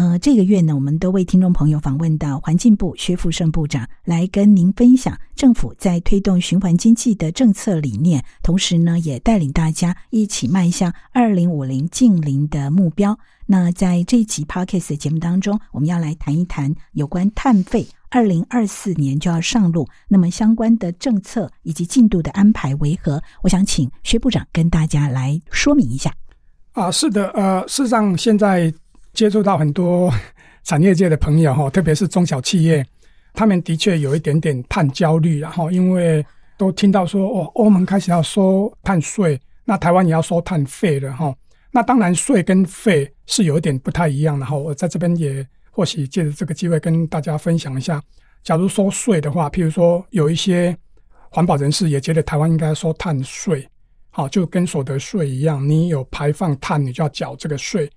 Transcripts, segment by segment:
呃，這個月呢，我們多位聽眾朋友訪問到環境部薛富盛部長，來跟您分享政府在推動循環經濟的政策理念，同時呢，也帶領大家一起邁向二零五零淨零的目標。那在這一期 podcast 的節目當中，我們要來談一談有關碳費二零二四年就要上路，那麼相關的政策以及進度的安排為何？我想請薛部長跟大家來說明一下。啊，是的，呃，事實上現在。接觸到很多產業界的朋友，特別是中小企業，他們的確有一點點碳焦慮。然後，因為都聽到說，哦，歐盟開始要收碳稅，那台灣也要收碳費了。那當然，稅跟費是有一點不太一樣的哈。我在這邊也或許借着這個機會跟大家分享一下，假如收稅的話，譬如說有一些環保人士也覺得台灣應該收碳稅，就跟所得稅一樣，你有排放碳，你就要繳這個稅。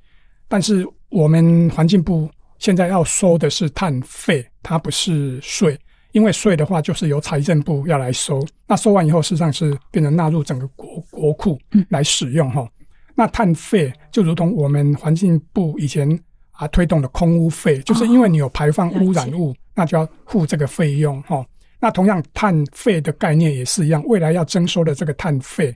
但是我們環境部現在要收的是碳費，它不是稅，因為稅的話就是由財政部要來收。那收完以後，事實上是變成納入整個國國庫來使用、嗯、那碳費就如同我們環境部以前啊推動的空污費，就是因為你有排放污染物，啊、那就要付這個費用、啊、那同樣碳費的概念也是一樣，未來要徵收的這個碳費，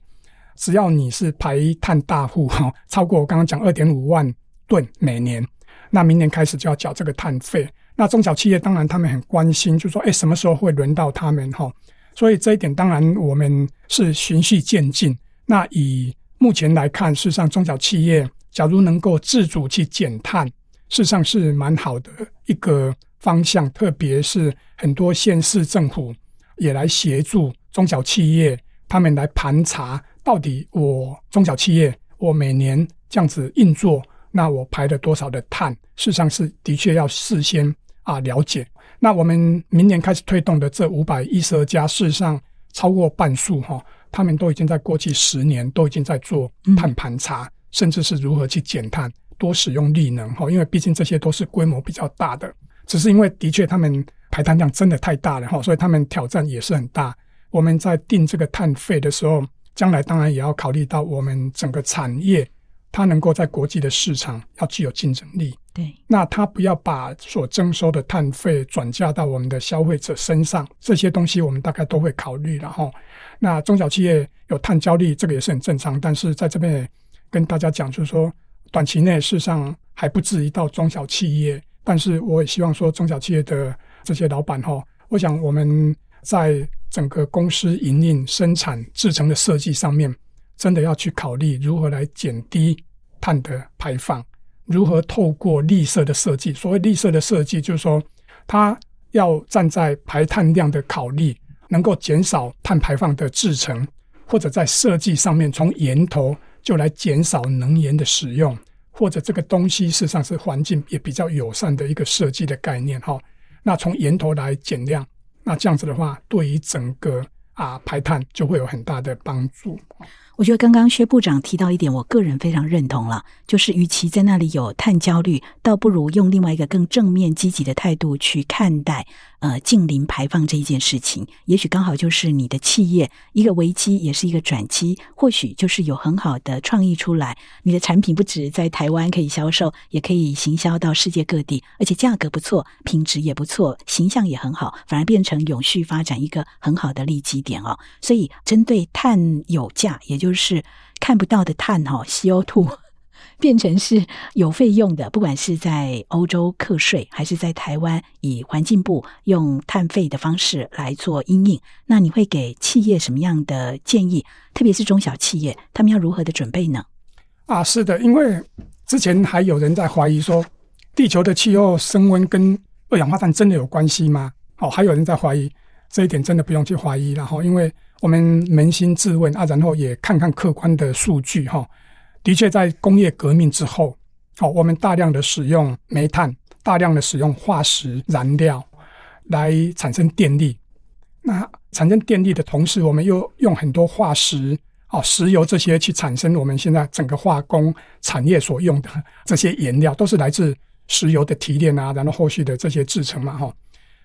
只要你是排碳大戶哈，超過我剛剛講二點五萬。對，每年，那明年開始就要繳這個碳費。那中小企業當然他們很關心，就說：誒，什麼時候會輪到他們？哈。所以這一點當然我們是循序漸進。那以目前來看，事實上中小企業假如能夠自主去減碳，事實上是蠻好的一個方向。特別是很多縣市政府也來協助中小企業，他們來盤查到底我中小企業我每年這樣子運作。那我排了多少的碳，事實上是的確要事先啊了解。那我們明年開始推動的這五百一十二家，事實上超過半數哈、哦，他們都已經在過去十年都已經在做碳盤查、嗯，甚至是如何去減碳、多使用綠能、哦、因為畢竟這些都是規模比較大的，只是因為的確他們排碳量真的太大了、哦、所以他們挑戰也是很大。我們在定這個碳費的時候，將來當然也要考慮到我們整個產業。它能夠在國際的市場要具有競爭力，對，那它不要把所徵收的碳費轉嫁到我們的消費者身上，這些東西我們大概都會考慮。然後，那中小企業有碳交易，這個也是很正常。但是在這邊也跟大家講，就是說短期內事實上還不至於到中小企業，但是我也希望說，中小企業的這些老闆哈，我想我們在整個公司營運、生產、制成的設計上面。真的要去考慮如何來減低碳的排放，如何透過綠色的設計。所謂綠色的設計，就是說它要站在排碳量的考慮，能夠減少碳排放的製程，或者在設計上面從源頭就來減少能源的使用，或者這個東西事實上是環境也比較友善的一個設計的概念。哈，那從源頭來減量，那這樣子的話，對於整個啊排碳就會有很大的幫助。我覺得剛剛薛部長提到一點，我個人非常認同了，就是與其在那裡有碳焦慮，倒不如用另外一個更正面積極的態度去看待，呃，淨零排放這一件事情。也許剛好就是你的企業一個危機，也是一個轉機，或許就是有很好的創意出來，你的產品不止在台灣可以銷售，也可以行銷到世界各地，而且價格不錯，品質也不錯，形象也很好，反而變成永續發展一個很好的利基點哦。所以針對碳有價，也就就是看不到的碳哈，CO2 變成是有費用的，不管是在歐洲課稅，還是在台灣以環境部用碳費的方式來做因應。那你會給企業什麼樣的建議？特別是中小企業，他們要如何的準備呢？啊，是的，因為之前還有人在懷疑說，地球的氣候升溫跟二氧化碳真的有關係嗎？哦，還有人在懷疑這一點，真的不用去懷疑了哈，因為。我們捫心自問啊，然後也看看客觀的數據哈、哦。的確，在工業革命之後，哦，我們大量的使用煤炭，大量的使用化石燃料來產生電力。那產生電力的同時，我們又用很多化石哦，石油這些去產生我們現在整個化工產業所用的這些原料，都是來自石油的提煉啊，然後後續的這些製程嘛、啊，哈、哦。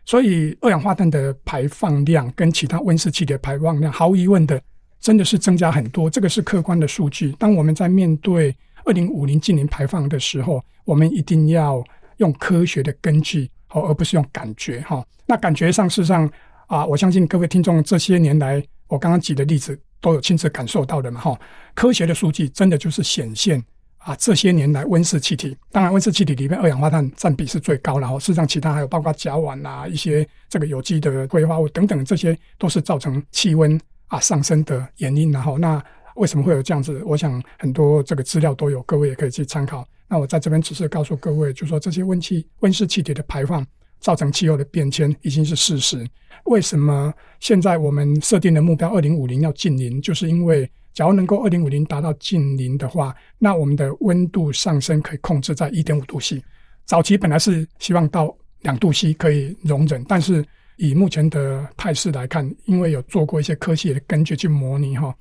所以，二氧化碳的排放量跟其他溫室氣體的排放量，毫無疑問的，真的是增加很多。這個是客觀的數據。當我們在面對二零五零淨零排放的時候，我們一定要用科學的根據，而不是用感覺哈。那感覺上，事實上啊，我相信各位聽眾這些年來，我剛剛舉的例子都有親自感受到的嘛哈。科學的數據真的就是顯現。啊，這些年來溫室氣體，當然溫室氣體裡面二氧化碳占比是最高，然後事實上其他還有包括甲烷吶、啊，一些這個有機的揮發物等等，這些都是造成氣溫啊上升的原因。然後那為什麼會有這樣子？我想很多這個資料都有，各位也可以去參考。那我在這邊只是告訴各位，就是說這些溫氣溫室氣體的排放造成氣候的變遷已經是事實。為什麼現在我們設定的目標二零五零要淨零，就是因為。只要能夠二零五零達到近零的話，那我們的溫度上升可以控制在一點五度 C。早期本來是希望到兩度 C 可以容忍，但是以目前的態勢來看，因為有做過一些科學的根據去模擬哈，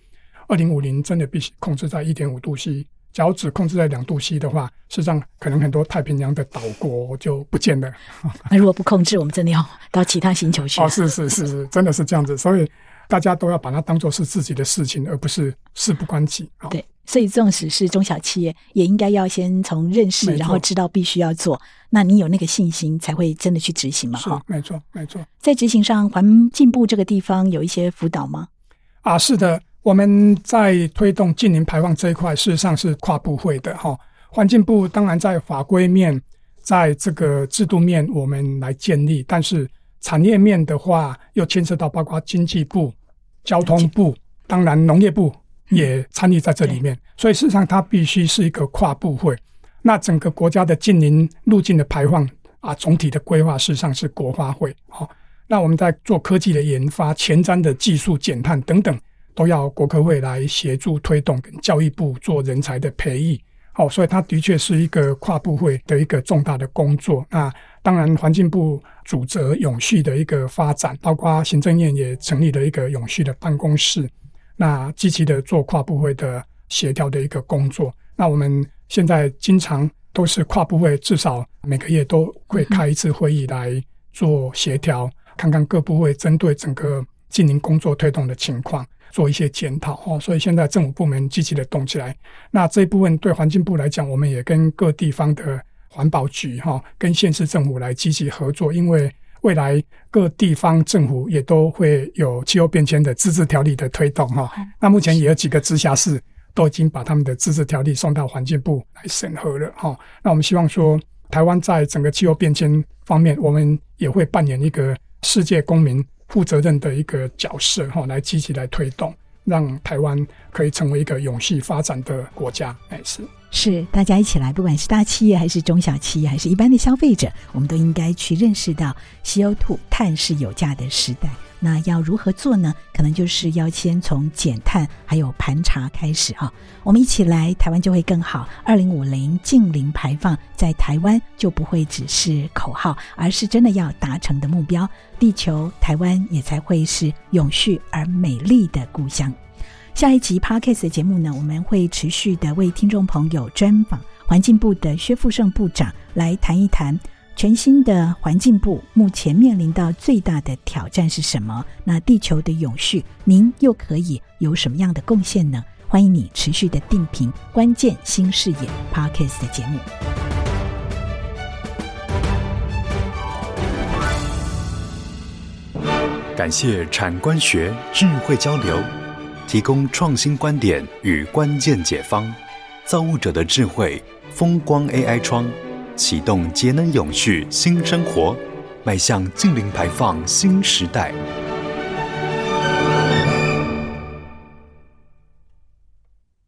二零五零真的必須控制在一點五度 C。假如只控制在兩度 C 的話，事實上可能很多太平洋的島國就不見了。 那如果不控制，我們真的要到其他星球去。哦，是是是是，真的是這樣子，所以。大家都要把它當做是自己的事情，而不是事不關己。對，所以縱使是中小企業，也應該要先從認識，然後知道必須要做。那你有那個信心，才會真的去執行嗎？好，沒錯，沒錯。在執行上，環境部這個地方有一些輔導嗎？啊，是的，我們在推動淨零排放這一塊，事實上是跨部會的。哈、哦，環境部當然在法規面、在這個制度面，我們來建立，但是產業面的話，又牽涉到包括經濟部。交通部，當然農業部也參與在這裡面，嗯，所以事實上它必須是一個跨部會。嗯、那整個國家的近零路徑的排放啊，總體的規劃事實上是國發會。好、哦，那我們在做科技的研發、前瞻的技術減碳等等，都要國科會來協助推動，跟教育部做人才的培育。好、哦，所以它的確是一個跨部會的一個重大的工作。當然，環境部主責永續的一個發展，包括行政院也成立了一個永續的辦公室，那積極的做跨部會的協調的一個工作。那我們現在經常都是跨部會，至少每個月都會開一次會議來做協調，看看各部會針對整個進行工作推動的情況，做一些檢討哦。所以現在政府部門積極的動起來，那這一部分對環境部來講，我們也跟各地方的。環保局哈，跟縣市政府來積極合作，因為未來各地方政府也都會有氣候變遷的自治條例的推動哈。嗯，那目前也有幾個直轄市都已經把他們的自治條例送到環境部來審核了哈。那我們希望說，台灣在整個氣候變遷方面，我們也會扮演一個世界公民負責任的一個角色哈，來積極來推動，讓台灣可以成為一個永續發展的國家。哎，是。是，大家一起來，不管是大企業還是中小企業，還是一般的消費者，我們都應該去認識到，CO2 碳是有價的時代。那要如何做呢？可能就是要先從減碳還有盤查開始啊。我們一起來，台灣就會更好。2050淨零排放，在台灣就不會只是口號，而是真的要達成的目標。地球、台灣也才會是永續而美麗的故鄉。下一集 Podcast 的節目呢，我們會持續的為聽眾朋友專訪環境部的薛富盛部長，來談一談全新的環境部目前面臨到最大的挑戰是什麼？那地球的永續，您又可以有什麼樣的貢獻呢？歡迎你持續的訂閱《關鍵新視野》Podcast 的節目。感謝產官學智慧交流。提供創新觀點與關鍵解方，造物者的智慧，風光 AI 窗，啟動節能永續新生活，邁向淨零排放新時代。